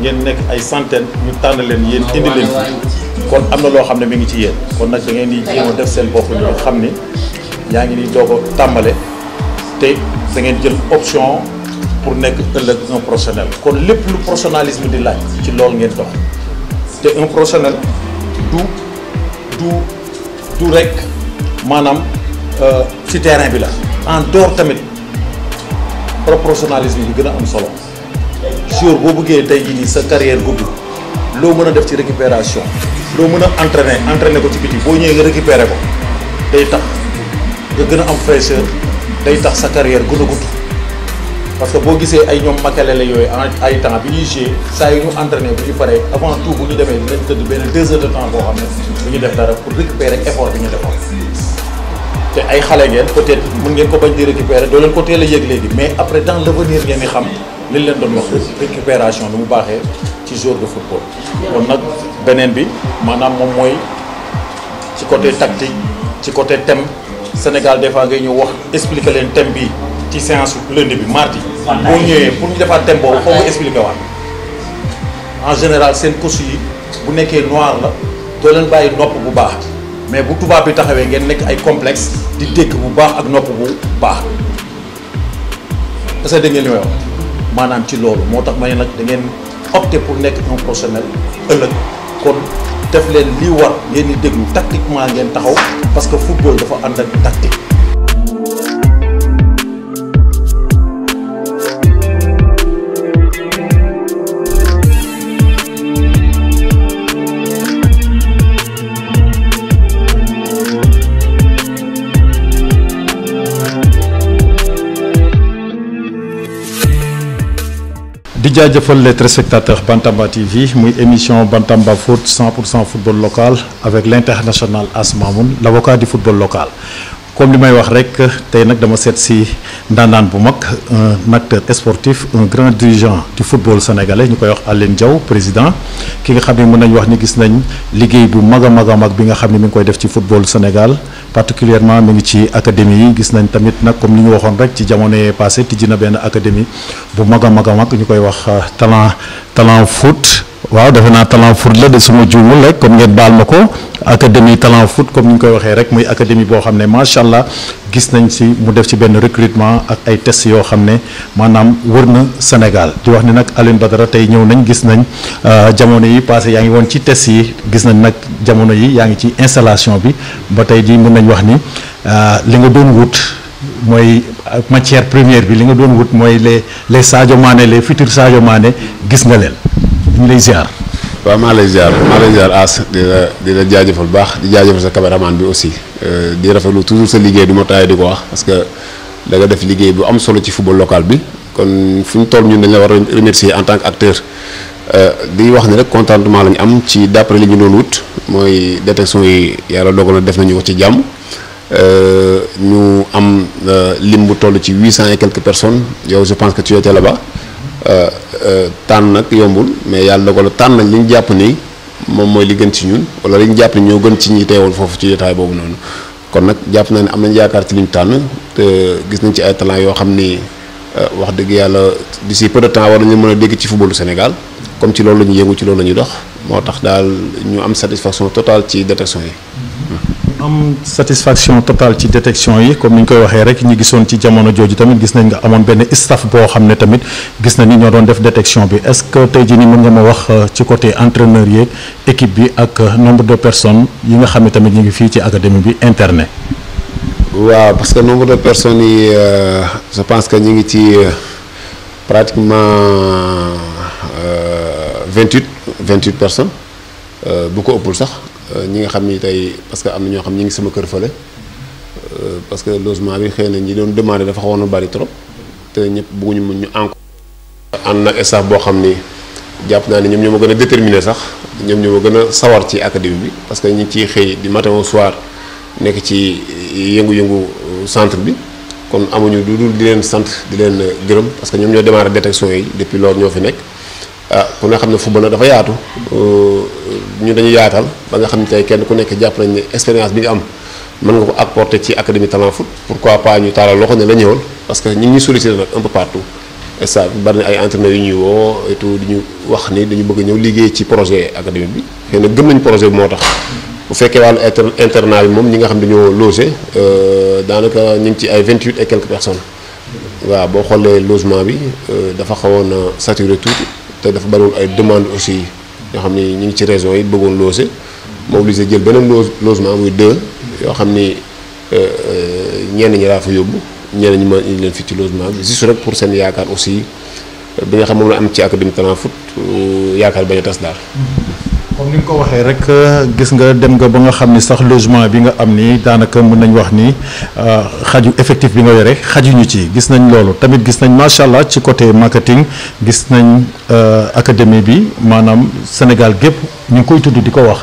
ngeen nekk ay centaines ñu tànn leen yéen indi leen kon am na loo xam ne mi ngi ci yéen kon nag da ngeen di jéem def seen bopp ñu xam ni yaa ngi ni doog a tàmbale te dangeen jël option pour nekk ëllëg un professionnel kon lépp lu professionnalisme di laaj ci loolu ngeen dox te un professionnel du du du rek maanaam euh, ci terrain bi la en dehors tamit professionnalisme bi gën a am solo jour boo bëggee tey jii nii sa carrière gudd loo mën a def ci récupération loo mën a entraîner entraîner ko ci biti boo ñëwee nga récupérer ko day tax nga gën a am fraîcheur day tax sa carrière gën a gudd parce que boo gisee ay ñoom makalele yooyu en ay temps bi ñuy jouer saa yu ñu entraîner bu ñu paree avant tout bu ñu demee dinañ tëdd benn deux heures de temps boo xam ne bu ñu def dara pour récupérer effort bi ñu defoon te ay xale ngeen peut-être mën mais après dans l'avenir ngeen di li leen doon wax récupération lu mu baaxee ci jour de football kon nag beneen bi maanaam moom mooy ci côté tactique ci côté thème Sénégal des fois ngay ñëw wax expliquer leen thème bi ci séance lundi bi mardi boo ñëwee pour ñu defaat thème boobu foofu expliquer waat en général seen coach yi bu nekkee noir la doo leen bàyyi nopp bu baax mais bu tubaab bi taxawee ngeen nekk ay complexe di dégg bu baax ak nopp bu baax est-ce dégg ngeen li may wax maanaam ci loolu moo tax ma ne nag da ngeen pour nekk un professionnel ëllëg kon def leen lii war ngeen di déglu tactiquement ngeen taxaw parce que football dafa ànd ak tactique. jaajëfal les téléspectateurs Bantamba TV muy émission Bantamba foot 100 pour cent football local avec l' international As Mamoun l' avocat du football local. comme li may wax rek tey nag dama seet si ndaanaan bu mag un acteur sportif un grand dirigeant du football sénégalais ñu koy wax Aline jaw président ki nga xam ne mën nañu wax ni gis nañ liggéey bu mag a mag a mag bi nga xam ne mi ngi koy def ci football Sénégal particulièrement mi ngi ci académie yi gis nañ tamit nag comme ni ñu waxoon rek ci jamono yee passé tijji na benn académie bu mag a mag a mag ñu koy wax euh, talent talent foot waaw defe naa talent foot la de suma juumul rek comme ngeen baal ma ko académie talent foot comme ni ñu koy waxee rek muy académie boo xam ne macha allah gis nañ si mu def ci benn recrutement ak ay test yoo xam ne maanaam wër na Sénégal di wax ni nag Alioune Badara tey ñëw nañ gis nañ euh, jamono yi passé yaa ngi woon ci tests yi gis nañ nag jamono yi yaa ngi ci installation bi ba tey jii mën nañ wax ni euh, li nga doon wut mooy matière première bi li nga doon wut mooy les les Sadio Mané les futurs Sadio Mané gis nga leen. ñu lay ziar. waaw maa lay ziar maa lay ziar As di la di la jaajëfal baax di jaajëfal sa caméraman bi aussi euh, di rafetlu toujours sa liggéey du ma taay di ko wax parce que da def liggéey bu am solo ci football local bi kon fu ñu toll ñun dañ la war a en tant que acteur. Euh, di wax ni rek contentement lañu am ci d'après li ñu doon wut mooy détection yi yàlla dogal na def nañu ko ci jàmm euh, ñu am lim bu toll ci huit cent et quelques personnes yow je pense que tu étais là-bas tànn nag yombul mais yàlla dogal tànn nañ li ñu jàpp ni moom mooy li gën ci ñun wala lañ jàpp ni ñoo gën ci ñi teewal foofu ci jotaay boobu noonu kon nag jàpp naa ne am nañ yaakaar ci li ñu tànn te gis nañ ci ay talent yoo xam ni euh, wax dëgg yàlla d'ici peu de temps war nañu mën a dégg ci footballu Sénégal. comme ci loolu la ñuy yëngu ci loolu la ñuy dox moo tax daal ñu am satisfaction totale ci détection yi. am satisfaction totale ci détection yi comme ni ñu koy waxee rek ñi gisoon ci jamono jooju tamit gis nañ nga amoon benn staff boo xam ne tamit gis nañ ni ñoo doon def détection bi est-ce que tey jii ni mën nga ma wax euh, ci côté entraîneur yi équipe bi ak euh, nombre de personnes yi nga xam ne tamit ñu ngi fii ci académie bi interne. waaw parce que nombre de personnes yi euh, je pense que ñu ngi ci pratiquement. vingt huit 28 28 personnes euh, bu ko ëppul sax euh, ñi nga xam ni tey parce que am na ñoo xam ñi ngi sama kër fële euh, parce que logement bi xëy nañ ñi doon demandé dafa xawoon na bari trop te ñëpp bëgguñu mun ñu encore. ànd nag staff boo xam ni jàpp naa ne ñoom ñoo ma gën a déterminé sax ñoom ñoo ma gën a sawar ci académie bi parce que ñu ciy xëy di matin au soir nekk ci yëngu-yëngu centre bi kon amuñu du dul di leen sant di leen gërëm parce que ñoom ñoo démarré détection y depuis loolu ñoo fi nekk. ah ku ne xam ne na dafa yaatu euh, ñu dañu yaatal ba nga xam ne tey kenn ku nekk jàpp nañ ne expérience bi nga am mën nga ko apporter ci académie talent pour pourquoi pas ñu taalal loxo ne la ñëwal parce que ñu ngi ñuy sollicité nag un peu partout ay entraîneurs yu ñuy woo et tout ñu wax ni dañu bëgg ñëw liggéey ci projet académie bi xëy na gëm nañ projet bi moo tax bu fekkee wàllu internat bi moom ñi nga xam dañoo logé euh, daanaka ñu ngi ci ay 28 et quelques personnes waaw boo xoolee logement bi euh, dafa xawoon saturé tuuti te dafa bariwul ay demande aussi ñoo xam ni ñu ngi ci régions yi bëggoon loose mobilisé jël beneen loo logement muy deux yoo xam ni euh, ñenn ñi daa fa yóbbu ñenn ñi ma indi leen fii ci logement bi juste rek pour seen yaakaar aussi bi nga xam moom la am ci académie talent foot euh, yaakaar bañ a tas daal. comme ni nga ko waxee rek euh, gis nga dem nga ba nga xam ni sax logement bi nga am ni daanaka mun nañ wax ni euh, xaju effectif bi nga yore xajuñu ci gis nañ loolu tamit gis nañ macha allah ci côté marketing gis nañ euh, académie bi maanaam Sénégal gépp ñu ngi koy tudd di ko wax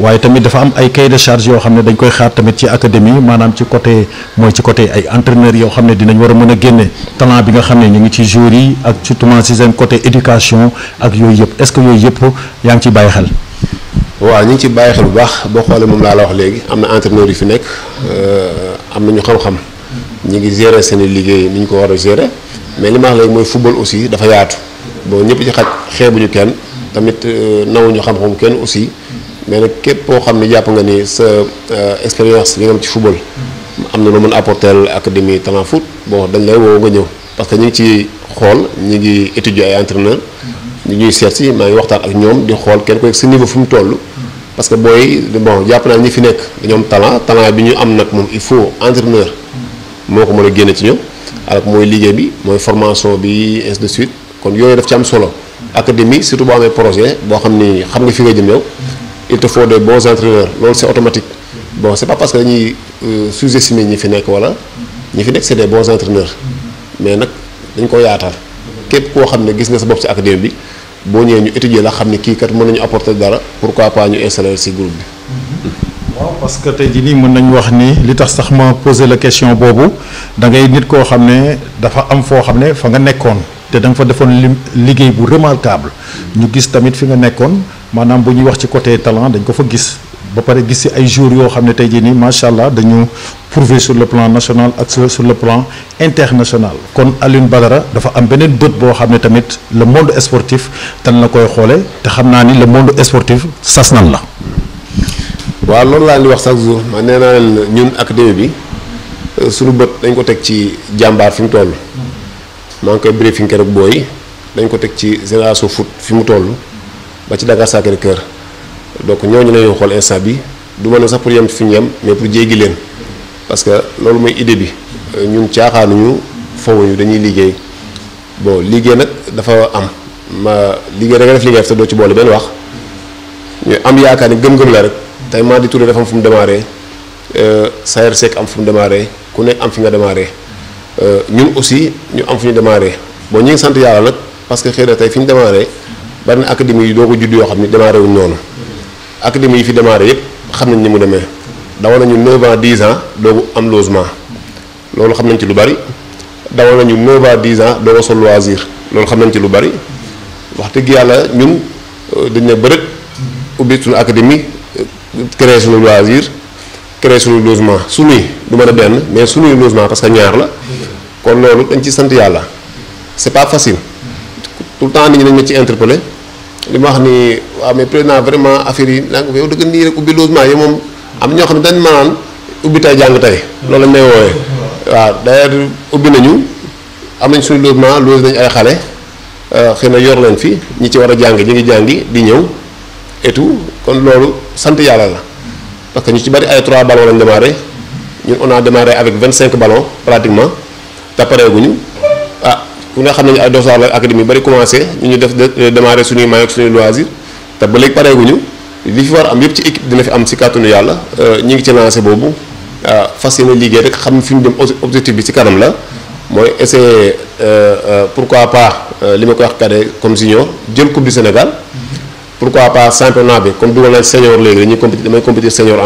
waaye tamit dafa am ay cahier de charge yoo xam ne dañ koy xaar tamit ci académie maanaam ci côté mooy ci côté ay entraîneurs yoo xam ne dinañ war a mën a génne talent bi nga xam ne ñu ngi ci joueurs yi ak surtout ci seen côté éducation ak yooyu yëpp est-ce que yooyu yëpp yaa ngi ciy bàyyi xel. waaw ñu ngi ci bàyyi xel bu baax boo xoolee moom laa la wax léegi am na entraîneurs yu fi nekk euh, am na ñu xam-xam ñu ngi gérer seen liggéey ni ñu ko war a gérer mais li ma wax mooy football aussi dafa yaatu bon ñëpp ci xaj xeebuñu kenn tamit euh, nawuñu xam-xam kenn aussi. mais nag képp koo xam ne jàpp nga ni sa euh, expérience bi nga am ci football am na lu mën apporter académie talent foot bon dañ lay woo nga ñëw parce que ñu ngi ci xool ñu ngi étudier ay entraîneur ñu ñuy seet si maa ngi waxtaan ak ñoom di xool kenn ko sa niveau fu mu toll parce que booy bon jàpp naa ñi fi nekk dañoo am talent talent bi ñu am nag moom il faut entraîneur moo ko mën a génne ci ñoom alors mooy liggéey bi mooy formation bi ainsi de kon yooyu daf ci am solo académie surtout boo amee projet boo xam ni xam nga fi nga jëm yow il te faut des bons entraîneurs loolu c'est automatique bon c'est pas parce que dañuy euh, sous-estimer ñi fi nekk wala ñi fi nekk c'est des bons entraîneurs mais nag dañ ko yaatal képp koo xam ne gis nga sa bopp ci académie bi boo ñëwee ñu étudier la xam ne kii kat mën nañu apporter dara pourquoi pas ñu installer ci groupe bi. waaw parce que tey jii nii mën nañu wax ni li tax sax ma poser la question boobu dangay nit koo xam ne dafa am foo xam ne fa nga nekkoon te da nga fa defoon lim liggéey bu remarquable ñu gis tamit fi nga nekkoon. maanaam bu ñuy wax ci côté talent dañ ko fa gis ba pare gis si ay jours yoo xam ne tey jii nii macha allah dañu prouver sur le plan national ak sur le plan international. kon Alioune Badara dafa am beneen bët boo xam ne tamit le monde sportif tan la koy xoole te xam naa ni la monde sportif sas nan la. waaw loolu laa di wax chaque jour man nee naa leen ñun académie bi euh, suñu bët dañ ko teg ci jàmbaar fi mu toll. maa ngi koy briefing keroog booy dañ ko teg ci génération foot fi mu toll. ba ci Dakar Sacré-Cœur donc ñooñu la ñuy xool instant bi du ma ne sax pour yem fi ñu yem mais pour jéggi leen parce que loolu mooy idée bi ñun caaxaanuñu ñu dañuy liggéey boo liggéey nag dafa am ma liggéey da nga def liggéey te doo ci boole benn wax ñu am yaakaar ni gëm-gëm la rek tey ma di Touré dafa am fu mu démarré euh, Sayer Seck am fu mu démarré ku nekk am fi nga démarré euh, ñun aussi ñu am fu ñu démarré boo ñu ngi sant yàlla nag parce que xëy tey fi ñu démarré. bari na académie yi doo ko judd yoo xam ni démarré wuñ noonu académie yi fi démarré yëpp xam nañ ni mu demee dawal nañu 9 ans 10 ans doogu am logement loolu xam nañ ci lu bari dawal nañu 9 ans 10 ans dooga sol loisir loolu xam nañ ci lu bari wax dëgg yàlla ñun euh, dañ ne bërëg ubbi suñu académie euh, créé suñu loisir créé suñu logement suñuy du mën a benn mais suñuy logement parce ñaar la kon loolu dañ ci sant yàlla c'est pas facile tout le temps nit ñi dañ ma ci interpellé li ma wax ni waaw mais président vraiment affaire yi nag yow dëgg nii rek ubbi logement yi moom am ñoo xam ne dañ maanaan ubbi tey jàng tey loolu lañ may woowee waaw d'ailleurs ubbi nañu am nañ suñu logement loge nañu ay xale euh, xëy na yor leen fi ñi ci war a jàng ñu ngi jàngi di ñëw et kon loolu sant yàlla la parce que ñu ci bari ay 3 ballons lañ démarré ñun on a démarré avec 25 ballons pratiquement te pareeguñu ñu nga xam ne ay doctorants la académie bari commencé ñu ñu def démarrer suñuy may ak suñuy loisir te ba léegi pareeguñu li fi war am yëpp ci équipe dina fi am si kàttanu yàlla euh, ñu ngi ci lancé boobu euh, fas liggéey rek xam fi ñu dem objectif bi si kanam la mooy essayer euh, pourquoi pas li ma koy wax kadde comme junior jël coupe du Sénégal pourquoi pas bi comme dugal naa ci senior léegi dañuy compétir damay compétir senior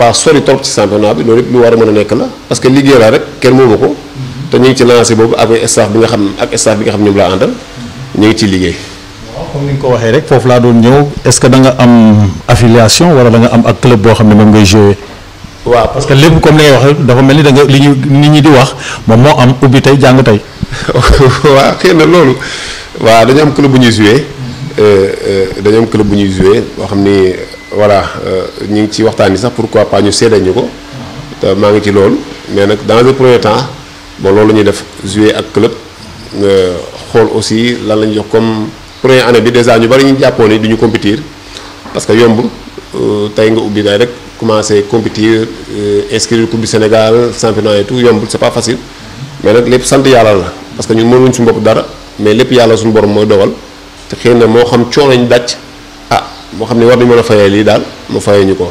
en sori trop ci championnat bi loolu yëpp lu war a mën a nekk la parce que liggéey la rek kenn moomu ko. te ñu ngi ci lancé boobu avec staff bi nga xam ak staff bi nga xam ñoom laa àndal ñu ngi ciy liggéey. waaw comme ni ko waxee rek foofu laa doon ñëw est-ce que da am affiliation wala da nga am ak club boo xam ne moom ngay joué. waaw parce que lépp comme li ngay wax dafa mel ni da li ñu nit ñi di wax moom moo am ubbi tey jàng tey. waa xëy na loolu waaw dañu am club bu ñuy joué euh, euh, dañu am club bu ñuy joué boo xam ni voilà euh, ñu ngi ci waxtaan yi sax pourquoi pas ñu seede ko. Ah. maa ngi ci loolu mais nag dans le premier temps. bon loolu la ñuy def jouer ak club nga xool aussi lan la ñu jox comme première année bi déjà ñu bari ñu jàppoo ni du ñu compétir parce que yombul euh, tey nga ubbi tey rek commencer compétir euh, inscrire coupe du Sénégal championnat et tout yombul c'est pas facile mais nag lépp sant yàlla la parce que ñun mënuñ suñu bopp dara mais lépp yàlla suñ borom mooy dogal te xëy na moo xam coono ñu daj ah moo xam ne war nañu mën a fayee lii daal mu fayee ñu ko.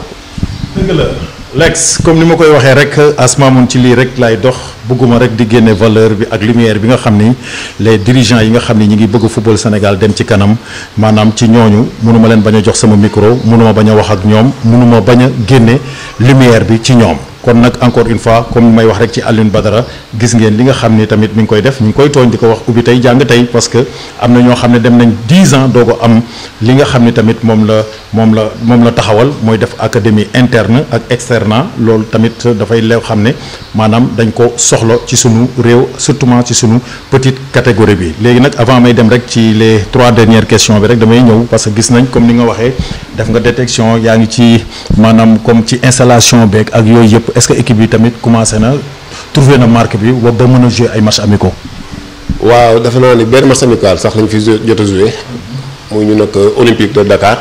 Lex comme ni ma koy waxee rek asmaamun ci lii rek lay dox bëgguma rek di génne valeur bi ak lumière bi nga xam ni les dirigeants yi nga xam ni ñi ngi bëgg football Sénégal dem ci kanam maanaam ci ñooñu mënuma leen bañ a jox sama micro mënuma bañ a wax ak ñoom mënuma bañ a génne lumière bi ci ñoom kon nag encore une fois comme may wax rek ci Alioune Badara gis ngeen li nga xam ni tamit mi ngi koy def mu ngi koy tooñ di ko wax ubbi tey jàng tey parce que am na ñoo xam ne dem nañ 10 ans doo ko am li nga xam ni tamit moom la moom la moom la taxawal mooy def académie interne ak externe loolu tamit dafay lew xam ne maanaam dañ ko soxla ci sunu réew surtout ci sunu petite catégorie bi léegi nag avant may dem rek ci les trois dernières questions bi rek damay ñëw parce que gis nañ comme ni nga waxee def nga détection yaa ngi ci maanaam comme ci installation beeg ak yooyu yëpp est-ce que équipe bi tamit commencé na trouver na marque bi wa ba mën a jouer ay match amicaux waaw dafa naa ni benn match amical sax lañu fi jot a joué muy ñu nag olympique de Dakar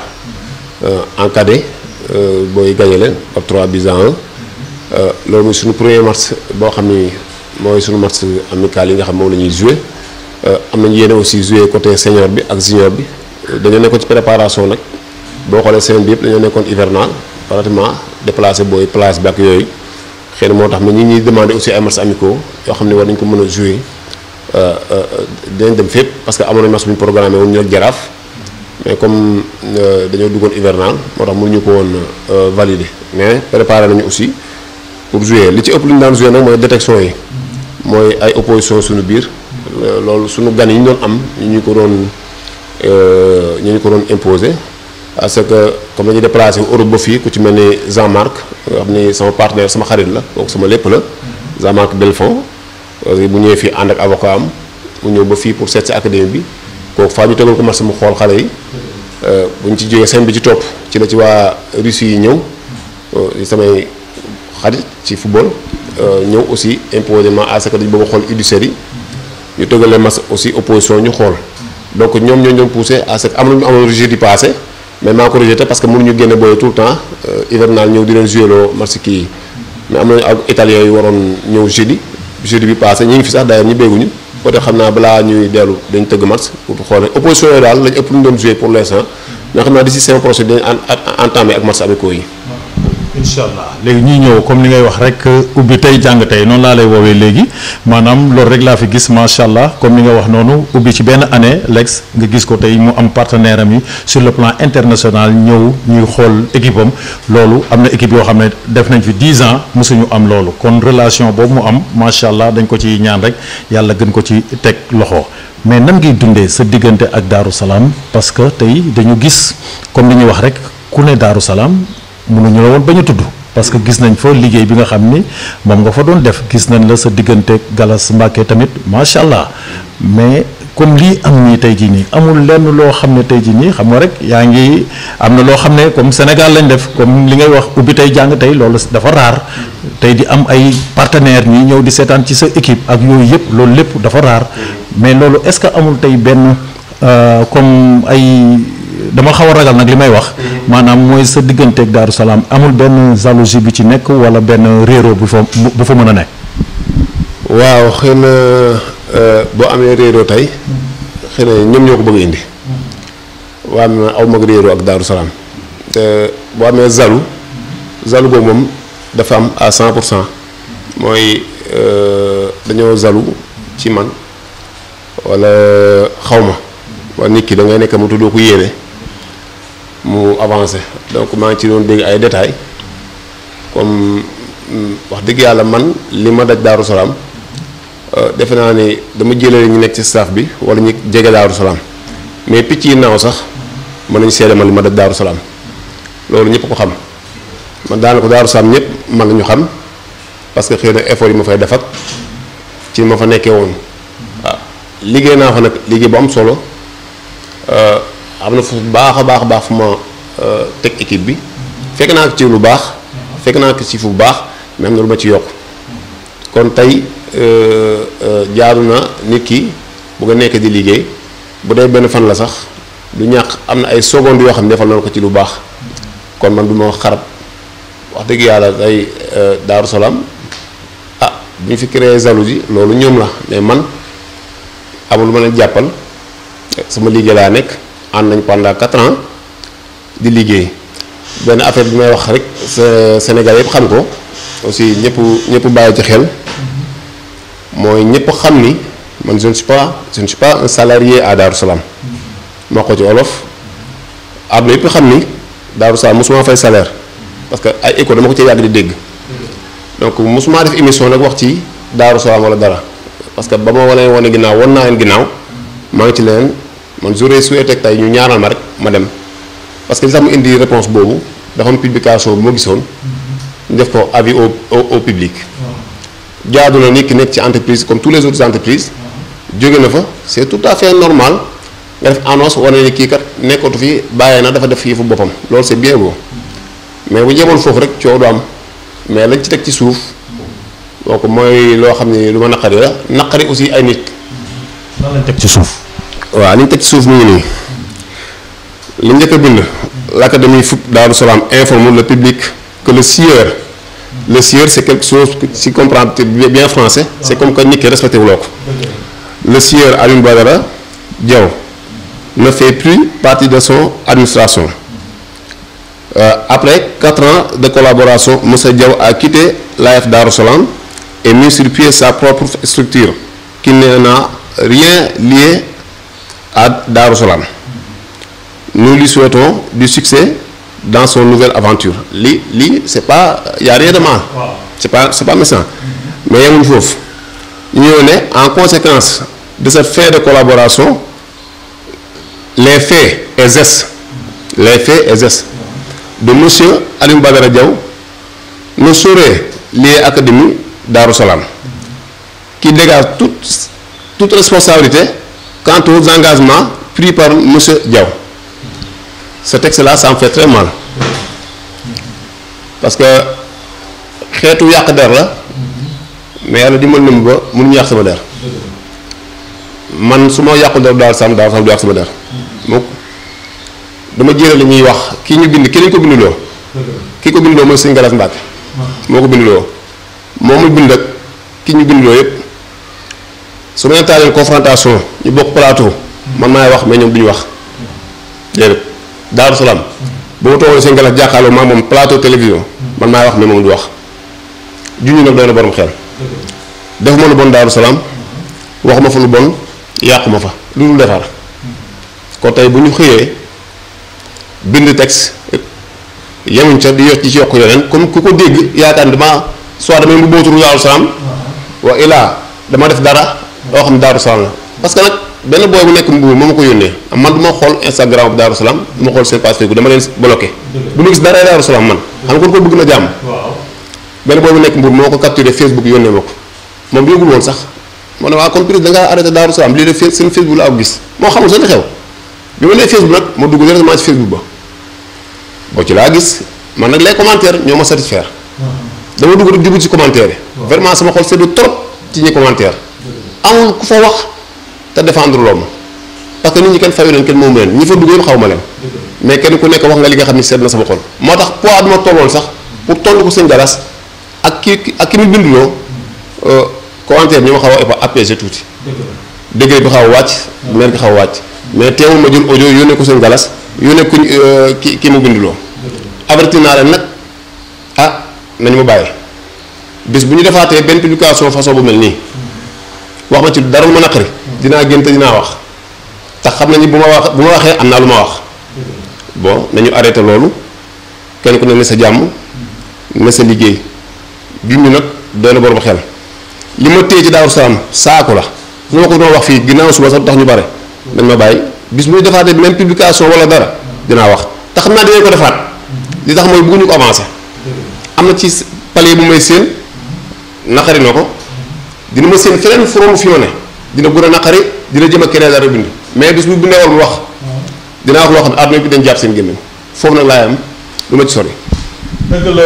euh, en cadet euh, booy gagné leen par 3 buts à euh, loolu suñu premier match boo xam ni mooy suñu match amical yi nga xam moom la ñuy joué am nañu yéene aussi joué côté senior bi ak junior bi dañoo nekkoon ci préparation nag. boo xoolee semaine bi yëpp dañoo nekkoon hivernal pratiquement déplacé booy place ak yooyu xëy na moo tax mais ñi ñuy demandé aussi ay matchs amicaux yoo xam ne war ko mën a jouer euh, euh, dinañ dem fépp parce que amoon nañ match bu ñu programmé woon mais comme euh, dañoo duggoon hivernal moo tax mënuñu ko woon valider mais préparé nañu aussi pour jouer li ci ëpp lu ñu daan nag mooy détection yi mooy ay opposition suñu biir loolu suñu gan yi ñu doon am ñu ñu ko doon ñu ñu ko doon imposer parce que comme dañuy déplacé Europe ba fii ku ci mel ni Jean-Marc nga xam ni sama partenaire sama xarit la donc sama lépp la Jean-Marc Belfond bu ñëwee fii ànd ak avocat am mu ñëw ba fii pour seet si académie bi kooku faa ñu tegal ko marché mu xool xale yi euh, bu ñu ci jógee seen bi ci topp ci la ci waa Russie yi ñëw li euh, samay xarit ci football euh, ñëw aussi imposé ma à ce que dañu bëgg xool UDCR yi ñu tëggalee mas aussi opposition ñu xool donc ñoom ñoo doon poussé à ce que am nañu amoon rejet du passé mais maa ko rejeté parce que mënuñu génne booy tout le temps euh, hivernal ñëw di leen joué loo match yi mais am nañu ak italien yu waroon ñëw jeudi jeudi bi passé ñu ngi fi sax d'ailleurs ñu béeguñu peut être xam naa balaa ñuy dellu dañ tëgg match pour xool opposition yooyu daal lañ ëpp lu ñu doon joué pour l'instant mais xam naa d'ici seen projet dañ entamé ak match amicaux yi incha allah léegi ñuy ñëw comme li ngay wax rek ubbi tey jàng tey noonu laa lay woowee léegi maanaam loolu rek laa fi gis macha allah comme li nga wax noonu ubbi ci benn année lex nga gis ko tey mu am partenaire am yi sur le plan international ñëw ñuy xool équipe am loolu am na équipe yoo xam ne def nañ fi 10 ans mosuñu am loolu kon relation boobu mu am macha allah dañ ko ci ñaan rek yàlla gën ko ci teg loxo. mais nan ngay dundee sa diggante ak Daaru Salaam parce que tey dañu gis comme li ñuy wax rek ku Daaru Salaam. mënuñu la woon bañ a tudd parce que gis nañ fa liggéey bi nga xam ni moom nga fa doon def gis nañ la sa diggante Galas Mbàkke tamit macha allah mais comme lii am nii tey jii nii amul lenn loo xam ne tey jii nii xam nga rek yaa ngi am na loo xam ne comme Sénégal lañ def comme li ngay wax ubbi tey jàng tey loolu dafa raar tey di am ay partenaires ñi ñëw di seetaan ci sa équipe ak yooyu yëpp loolu lépp dafa raar mais loolu est-ce que amul tey benn euh, comme ay. dama xaw a ragal nag li may wax. maanaam mooy sa digganteeg Daaru Salaam amul benn jalousie bi ci nekk wala benn réero bu fa bu fa mën a nekk. waaw xëy na euh, boo amee réero tey xëy na ñoom indi. waaw aw mag ak Daaru Salaam te boo amee zalu zalu boobu moom dafa am à 100 pour cent mooy euh, dañoo zalu ci man wala xaw ma waa nit ki da nekk mu tuddoo ko yéene. mu avancé donc maa ngi ci doon dégg ay détails comme hmm, wax dëgg yàlla man li ma daj Daaru Salaam euh, defe naa ni dama jëlee ñu nekk ci staff bi wala ñu jege Daaru Salaam mais picc yi naaw sax mën nañu seede ma li ma daj Daaru Salaam loolu ñëpp ko xam man daana ko Daaru Salaam ñëpp mën nañu xam parce que xëy na effort yi ma fay def ci ma fa nekkee woon liggéey naa fa nag liggéey bu am solo. Euh, am na fu baax a baax a baax fu ma euh, teg équipe bi fekk naa ko ci lu baax fekk naa ko ci fu baax mais am na lu ma ci yokk kon tey euh, euh, jaaru na nit ki bu nga nekk di liggéey bu dee benn fan la sax du ñàkk am na ay secondes yoo xam ne defal na ko ci lu baax kon man du ma xarab wax dëgg yàlla tey Daaru Salaam ah bu ñu fi créé jalousie loolu ñoom la mais man amul ma a jàppal sama liggéey laa nekk ànd nañ pendant quatre ans di liggéey benn affaire bi may wax rek sa Sénégal yëpp xam ko aussi ñëpp ñëpp bàyyi ci xel mooy ñëpp xam ni man je ne suis pas je ne suis Salaam moo ko ci olof àdduna yëpp xam ni Darou Salaam mosuma fay salaire parce que ay écho dama ko ci yàgg di dégg donc mosuma def émission nag wax ci Darou Salaam wala dara parce que ba ma wanee wane ginnaaw wan leen ginnaaw maa ngi ci leen. man su souhaité tey ñu ñaanal ma rek ma dem parce que li tax mu indi réponse boobu dafa am publication bu gisoon ñu mm-hmm. def ko avis au au public. Mm-hmm. jaadu na nit ki nekk ci entreprise comme tous les autres entreprises. Mm-hmm. jóge na fa c' est tout à fait normal nga def annonce wane ne kii kat nekkatu fi bàyyee na dafa def fii boppam loolu c' est bien beau mais bu jeemoon foofu rek coow du am mais lañ ci teg ci suuf donc mooy loo xam ne lu ma naqari la naqari aussi ay nit. lan ci suuf. waaw li ñu teg ci suuf mu ngi nii li njëkk a bind l'académie foot Daaru Salaam informe le public que le sieur le sieur c'est quelque chose si comprendre bien français c'est comme que nit ki respecté wuloo ko le sieur Alioune Badara Diaw ne fait plus partie de son administration euh, après quatre ans de collaboration monsieur Diaw a quitté l'AF Daaru Salaam et mis sur pied sa propre structure qui n'a rien lié à Darou Salam nous lui souhaitons du succès dans son nouvelle aventure lii lii c'est pas y a rien de mal. c'est pas c'est pas méchant. mais yemuñu foofu ñu ñëw ne en conséquence de cette fin de collaboration les faits et gestes les faits et gestes de monsieur Alioune Badara Diaw ne saurait lier académie Darou Salam qui toute toute responsabilité. quant aux engagements pris par monsieur Diaw ce texte-là ça me fait très mal parce que xeetu yàq der la mais yàlla dimbali na mu ba mënuñu yàq sama der man su ma yàqu der daal sam daal sam du yàq sama der moom dama jéeral li ñuy wax kii ñu bind kii lañ ko binduloo kii ko binduloo mooy Sëñ Galas Mbàkke moo ko binduloo moom mu bind ak kii ñu binduloo yëpp su ngeen taalee confrontation ñu bokk plateau man maay wax mais ñoom bu ñu wax déedéet Daaru Salaam bu ma toogoon seen galas jàkkaarloo maa moom plateau télévision man maay wax mais moom du wax juñu nag doy na borom xel defuma lu bon Daaru Salaam waxuma fa lu bon yàquma fa lu defar kon tey bu ñu xëyee bind texte yemuñ ca di yokk ci yokk yeneen comme ku ko dégg yaakaar ni damaa soit damay mu bootu Daaru Salaam wa ilaa dama def dara doo xam ne Daaru Salaam la parce que nag benn booy bu nekk mbuur moo ma ko yónnee man du xool Instagram bu Daaru Salaam du xool seen page Facebook dama leen na jàmm benn booy bu nekk mbuur moo ko capturé Facebook yónnee ma ko moom yëgul woon sax moo ne waa kon prise da ngaa arrêté Daaru Salaam lii de seen Facebook la ak gis moo xamul sax li xew bi ma nee Facebook nag ma dugg ba boo ci laa gis man nag les commentaires ñoo ma satisfaire ah. dama dugg rek jublu ci commentaire yi vraiment sama xol seddu trop ci ñi commentaire amul ku fa wax te défendre loolu parce que nit ñi kenn fayu leen kenn moom leen ñi fa dugg yëpp xaw ma leen mais kenn ku nekk wax nga li nga xam ne seet na sama xol moo tax poids bi ma tolloon sax pour tontu ko sëñ Galas ak ki ak ki mu binduloo euh, commentaire bi ñu ma xaw a apaisé tuuti degré bi xaw a wàcc bu leen xaw a wàcc mais teewul ma jël audio yónnee ko sëñ Galas yónnee ko euh, ki ki mu binduloo averti naa leen nag ah nañ ma bàyyi bis bu ñu defaatee benn publication façon bu mel nii wax ma ci dara lu ma naqari dinaa génn te dinaa wax tax xam nañu bu ma wax bu ma waxee am naa lu ma wax bon nañu arrêté loolu kenn ku ne ne sa jàmm ne sa liggéey junj nag doy na boroom xel li ma téye ci Daaru Salaam saako la su ma ko doon wax fii ginnaaw suba sax tax ñu bare dañ ma bàyyi bis bu ñu bi même publication wala dara dinaa wax tax xam naa dinañ ko defaat li tax mooy bëgguñu ko avancé am na ci palier bu may séen naqari na ko. dina ma seen feneen forom fi ma ne dina gën a naqari dina jëm a keneen dara bind mais bis bu bindee woon mu wax dina wax loo xam ne bi dañ jàpp seen gémmiñ foofu nag laay am ma ci sori. dëgg la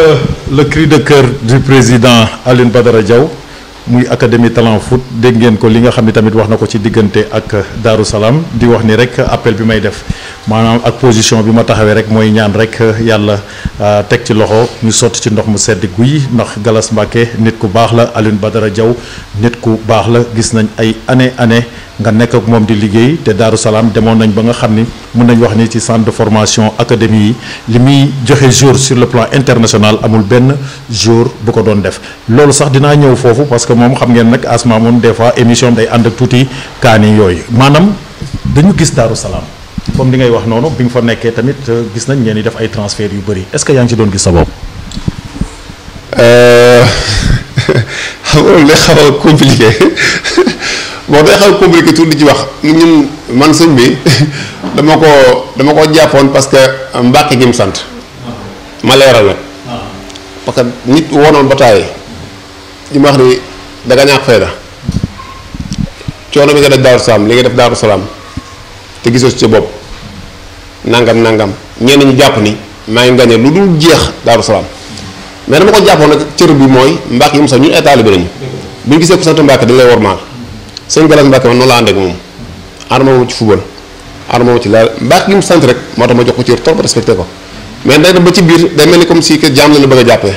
le cri de cœur du président Alioune Badara Diaw. muy académie talent foot dégg ngeen ko li nga xam ni tamit wax na ko ci diggante ak Daaru Salaam di wax ni rek appel bi may def maanaam ak position bi ma taxawee rek mooy ñaan rek yàlla euh, teg ci loxo ñu sotti ci ndox mu sedd guy ndax Galas Mbàkke nit ku baax la ba dara jaw nit ku baax la gis nañ ay année année nga nekk ak moom di liggéey te Daaru Salaam demoon nañ ba nga xam ni mun nañ wax ni ci centre de formation académie yi li muy joxe jour sur le plan international amul benn jour bu ko doon def loolu sax dinaa ñëw foofu parce que moom xam ngeen nag asma moom des fois émission day ànd ak tuuti kaani yooyu maanaam dañu gis Daaru Salaam comme li ngay wax noonu bi nga fa nekkee tamit euh, gis nañ ngeen di def ay transfert yu bëri est-ce que yaa ngi ci doon gis sa bon day xaw compliqué tuuti ci wax ñun man sëñ bi dama ko dama ko jàppoon parce que mbàkke gi mu sant ma leeral nag parce que nit wonoon ba tàyyi li ma wax ni danga ñàkk fayda coono bi nga def daaru salaam li nga def daaru salaam te gisoo ci sa bopp nangam nangam ñenn ñu jàpp ni maa ngi gagné lu dul jeex daaru salaam mais dama ko jàppoon nag cër bi mooy mbàkk gi mu sax ñu ay taalibe lañu bu ñu gisee ku sant mbàkk dañ lay wormaal sëñ Gallas Mbacke man noonu la ànd ak moom ànd moom ci football ànd moom ci laa mbaax gi mu sant rek moo tax ma jox ko cër trop respecté ko mais day dem ba ci biir day mel ni comme si que jaam la la bëgg a jàppee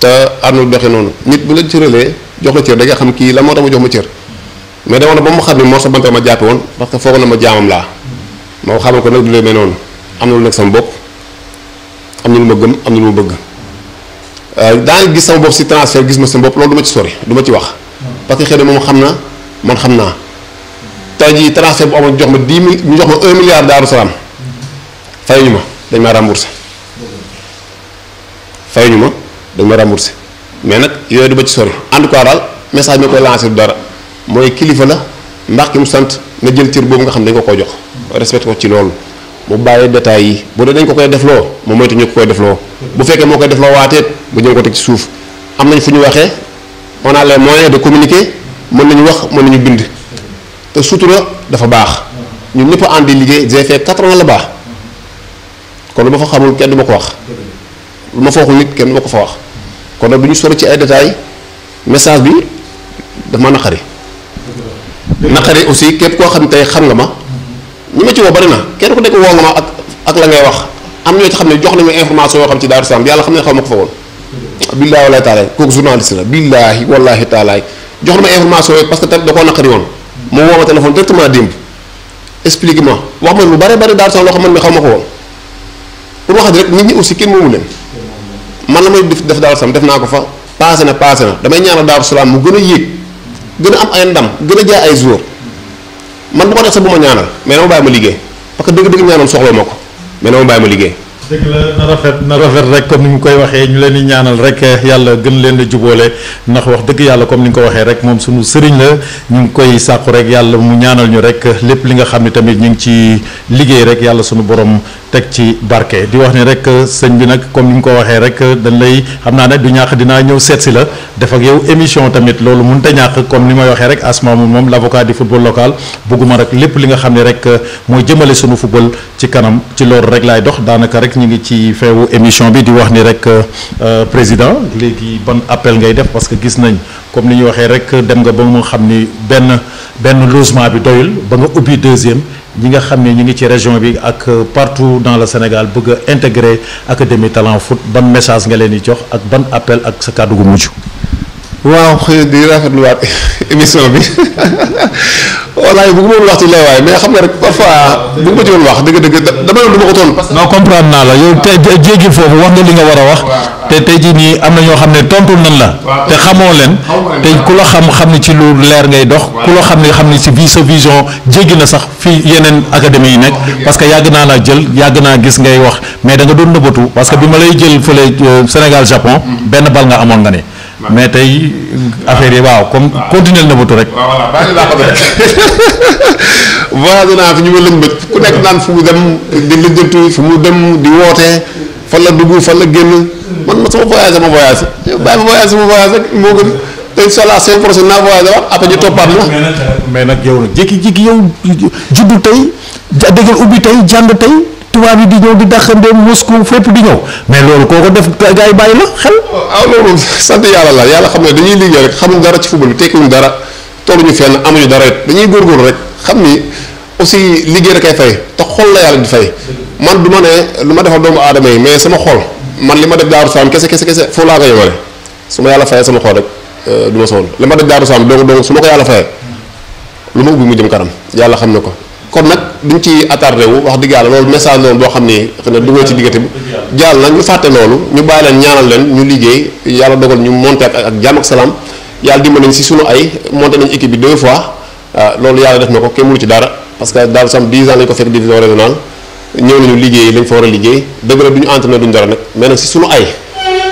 te ànd lu doxee noonu nit bu la cëralee jox la cër da nga xam kii la moo tax ma jox ma cër mais demoon na ba mu xam ne Mor Sop Bantel ma jàppe woon que foog na ma jaamam laa ma xamal ko nag du demee noonu am na lu nekk sama bopp am na lu ma gëm am na lu ma bëgg euh, daa gis sama bopp si transfert gis ma sama bopp loolu du ma ci sori du ma ci wax parce que na moom xam na. man xam naa tey jii tracé bu amoon jox ma dix mille ñu jox ma un milliard Daaru Salaam fayuñu ma dañ ma remboursé fayuñu ma dañ ma remboursé mais nag yooyu du ba ci sori en tout cas daal message mi koy lancé du dara mooy kilifa la ndax ki mu sant na jël cër boobu nga xam dañ ko koy jox respecté ko ci loolu mu bàyyi détails yi bu dee dañ ko koy defloo mu moytu ñu ko koy loo bu fekkee moo koy defloo waateet bu jëm ko teg ci suuf am nañ fu ñu waxee mën nañu wax mën nañu bind te na dafa baax ñun ñëpp a àndi liggéey j'ai fait quatre ans la baax kon lu fa xamul kenn du ma ko wax lu ma fa waxul nit kenn du ko fa wax kon nag du ñu sori ci ay détails message bi ma naqari naqari aussi képp koo xam ne tey xam nga ma ñi ma ci woo bari na kenn ku nekk woo nga ma ak ak la ngay wax am ñoo ci xam ne jox nañu information xam ci Daaru Salaam yàlla xam ne xaw ma ko fa woon billaahi walaahi taalaay kooku journaliste la taalaay jox na ma information yi parce que tamit da koo naqari woon mu woo ma téléphone directement démb explique ma wax ma lu bare bari daal sax loo xam man mi xaw ma ko woon pour waxati rek nit ñi aussi kenn moomu leen man la may def def daal sam def naa ko fa passé na passé na damay ñaana Daaru salaan mu gën a yéeg gën a am ay ndam gën a jaay ay jour man bu ko def sax bu ma ñaanal mais na ma bàyyi ma liggéey parce que dëgg-dëgg ñaanam soxla ma ko mais na ma ma liggéey dëgg la na rafet na rafet rek comme ni mu koy waxee ñu leen di ñaanal rek yàlla gën leen di jubóole ndax wax dëgg yàlla comme ni nga ko waxee rek moom suñu sëriñ la ñu ngi koy sàqu rek yàlla mu ñaanal ñu rek lépp li nga xam ne tamit ñu ngi ci liggéey rek yàlla suñu borom teg ci barke di wax ni rek euh, sëñ bi nag comme ni mu ko waxee rek euh, dañ xam naa ne du ñàkk dinaa ñëw seet si la def ak yow émission tamit loolu mun a ñàq comme ni may waxee rek Asma moom l'avocat du football local bëgguma rek lépp li nga xam ne rek euh, mooy jëmale sunu football ci kanam ci loolu rek laay dox daanaka rek ñu ngi ci feewu émission bi di wax ni rek président léegi ban appel ngay def parce que gis nañ comme ni ñu waxee rek dem nga ba mu xam ni benn benn logement bi doyul ba nga ubbi deuxième. ñi nga xam ne ñu ngi ci région bi ak partout dans le Sénégal bëgg a intégrer académie talent foot ban message nga leen di jox ak ban appel ak sa kàddu gu mujj. waaw xëy lu rafetluwaat émission bi wallaay bëgg moom wax ci lay waaye mais xam nga rek parfois bu ma ci woon wax dëgg dëgg dama ne du ma ko toll. non comprendre naa la yow te jéggi foofu wax nga li nga war a wax. te tey jii nii am na ñoo xam ne tontu nan la. te xamoo leen. te ku la xam xam ne ci lu leer ngay dox. ku la xam ne xam ne si vie sa vision jéggi na sax fii yeneen académie yi nekk. parce que yàgg naa la jël yàgg naa gis ngay wax mais da nga doon nëbbatu parce que bi ma lay jël fële euh, Sénégal Japon. Mm-hmm. benn bal nga amoon nga ne. mais tey affaire yi waaw comme continuer nëbbatu rek. waaw voilà bàyyi laa ko rek. naa fi ñu ma lëmbët ku nekk naan fu mu dem di lijjantu fu mu dem di woote fan la dugg man ma sama voyage ma voyage yow bàyyi ma sama voyage moo gën te incha allah seen projet naa voyage waat après ñu toppaat la. mais nag yow nag jékki-jékki yow juddu tey ja déggal ubbi tey jànd tey tubaab yi di ñëw di dàqandee Moscou fépp di ñëw mais loolu koo ko def gars yi bàyyi la xel. waaw ah, loolu sant yàlla la yàlla xam ne dañuy liggéey rek xamuñ dara ci football bi tekkiwuñ dara toolu tolluñu fenn amuñu dara dañuy dañuy góorgóorlu rek xam ni aussi liggéey da koy fay te xol la yàlla di fay man du ma ne lu ma defal doomu aadama yi mais sama xol man li ma def Daaru Salaam kese kese kese foofu laa ko yemale su ma yàlla fayee sama xol rek euh, du ma soxla li ma def Daaru Salaam donc donc su ma ko yàlla fayee lu ma ubbi mu jëm kanam yàlla xam ne ko kon nag duñ ci attardé wu wax dëgg yàlla loolu message boo xam ni xëy na duggoo ci diggante bi jàll na ñu fàtte loolu ñu bàyyi leen ñaanal leen ñu liggéey yàlla dogal ñu monté ak ak jàmm ak salaam yàlla dimbali nañ si sunu ay monté nañ équipe bi deux fois euh, loolu yàlla def na ko kenn mënu ci dara parce que Daaru Salaam ñëw nañu liggéey lañ fa war a liggéey dëgg la du ñu entraîné duñ dara nag mais nag si suñu ay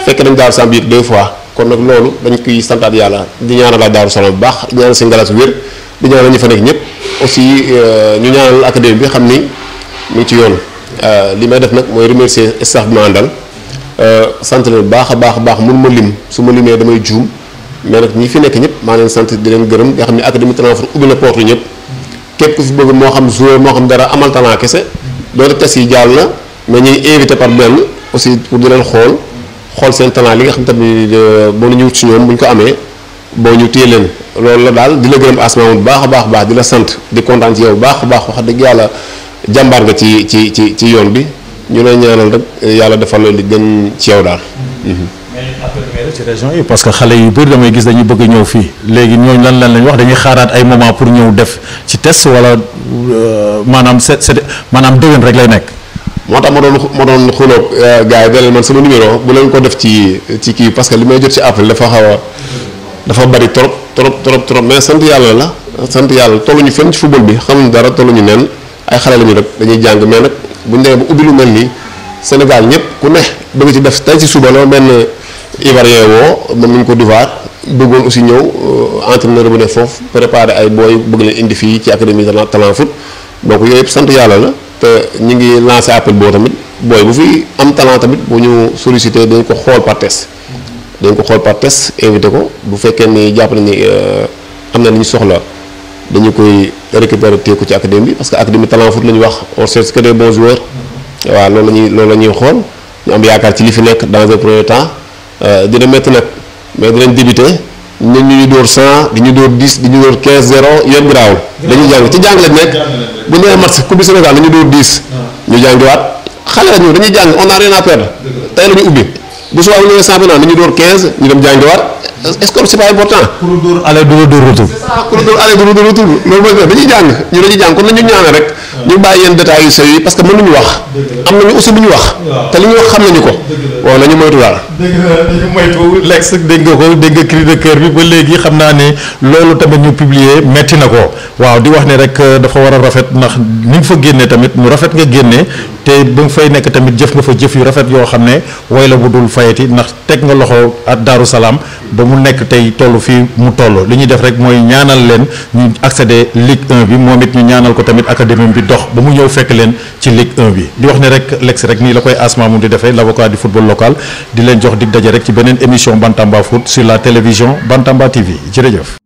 fekk nañ daaru salaam biir deux fois kon nag loolu dañ koy santaat yàlla di ñaanal daaru salaam bu baax di ñaanal seen galas wér di ñaanal ñu fa nekk ñëpp aussi euh, ñu ñaanal académie bi xam ni mu ngi ci yoon euh, li may def nag mooy remercier staff bi ma àndal euh, sant leen baax a baax a baax mun ma lim su ma limee damay juum mais nag ñi fi nekk ñëpp maa leen sant di leen gërëm nga xam ne académie Tanor ubbi na porte ñëpp képp ku fi bëgg moo xam joueur moo xam dara amal Tanor kese doonte test yi jàll na mais ñuy invité par benn aussi pour di leen xool xool seen talent li nga xam tamit boo euh, ñu wut si ñoom bu ñu ko amee boo ñu téye leen loolu la daal di la gërëm asmaa bu baax a baax baax di la sant di kontaan ci yow baax a baax wax dëgg yàlla jàmbaar nga ci ci ci ci yoon bi ñu lay ñaanal rek yàlla defal la li gën ci yow daal. Mm-hmm. première ci région yi parce que xale yu bëri damay gis dañuy bëgg ñëw fii léegi ñooñu lan lan lañ wax dañuy xaaraat ay moment pour ñëw def ci test wala euh, maanaam c'est maanaam déwén rek lay nekk. moo tax ma doon ma doon xulóog euh, gars yi beneen man sama numéro bu leen ko def ci ci kii parce que li may jot ci appel dafa xaw a dafa bari trop trop trop trop mais sant yàlla la sant yàlla tolluñu fenn ci football bi xamuñu dara tolluñu neen ay xale lañu rek dañuy jàng mais nag buñ demee ba ubbi lu mel nii Sénégal ñëpp ku ne Ivoirien woo moom mi ngi ko D'ivoire bëggoon aussi ñëw euh, entraîneur bu ne foofu préparé ay booy bëgg leen indi fii ci académie talent foot donc yooyu sant yàlla la ñu ngi lancé appel boo tamit booy bu fi am talent tamit bu ñu sollicité dañ ko xool par test. dañ ko xool part test invité ko bu fekkee ni jàpp na ni euh, am na li ñu soxla dañu koy récupérer téye ko ci académie bi parce que académie talent foot la ñu wax on cherche que des bons joueurs. loolu la ñuy loolu la ñuy xool ñu am yaakaar ci li fi nekk dans un Euh, dina métti nag mais dinañ débuté nit ñi ñu dóor 100 di ñu dóor 10 di ñu dóor 15 0 yoon garaawul jàng ci jàng lañ nekk bu ñu nee match coupe du Sénégal dañu door 10 ah. ñu jàngiwaat xale la ñu dañuy jàng on a rien à perdre tey la ñu ubbi bu subaa bu ñu nee championnat dañu dóor 15 ñu dem jàngiwaat est-ce que c'est pas important. kuréel dóor aller dóor retour. c'est ça kuréel dóor aller dóor retour loolu mooy que dañuy jàng ñu dañuy jàng kon nañu ñaan rek. ñu bàyyi yenn détails yu sew yi parce que mënuñu wax. am nañu aussi bu ñu wax. te li ñu wax xam nañu ko. waaw nañu moytu daal. dégg nañu moytu lex dégg nga ko dégg cri de cœur bi ba léegi xam naa ne loolu tamit ñu publier metti na ko waaw di wax ne rek euh, dafa war a rafet ndax ni nga fa génnee tamit mu rafet nga génne te ba nga fay nekk tamit jëf nga fa jëf yu rafet yoo xam ne way la bu dul fayati ndax teg nga loxo at Daaru Salaam ba mu mu nekk tey toll fii mu toll li ñuy def rek mooy ñaanal leen ñu accéder Ligue bi moom it ñu ñaanal ko tamit académie bi dox ba mu ñëw fekk leen ci Ligue bi di wax ne rek lex rek nii la koy asma mu di defee l'avocat du football local di leen jox dig daje rek ci beneen émission Bantamba Foot sur la télévision Bantamba TV jërëjëf.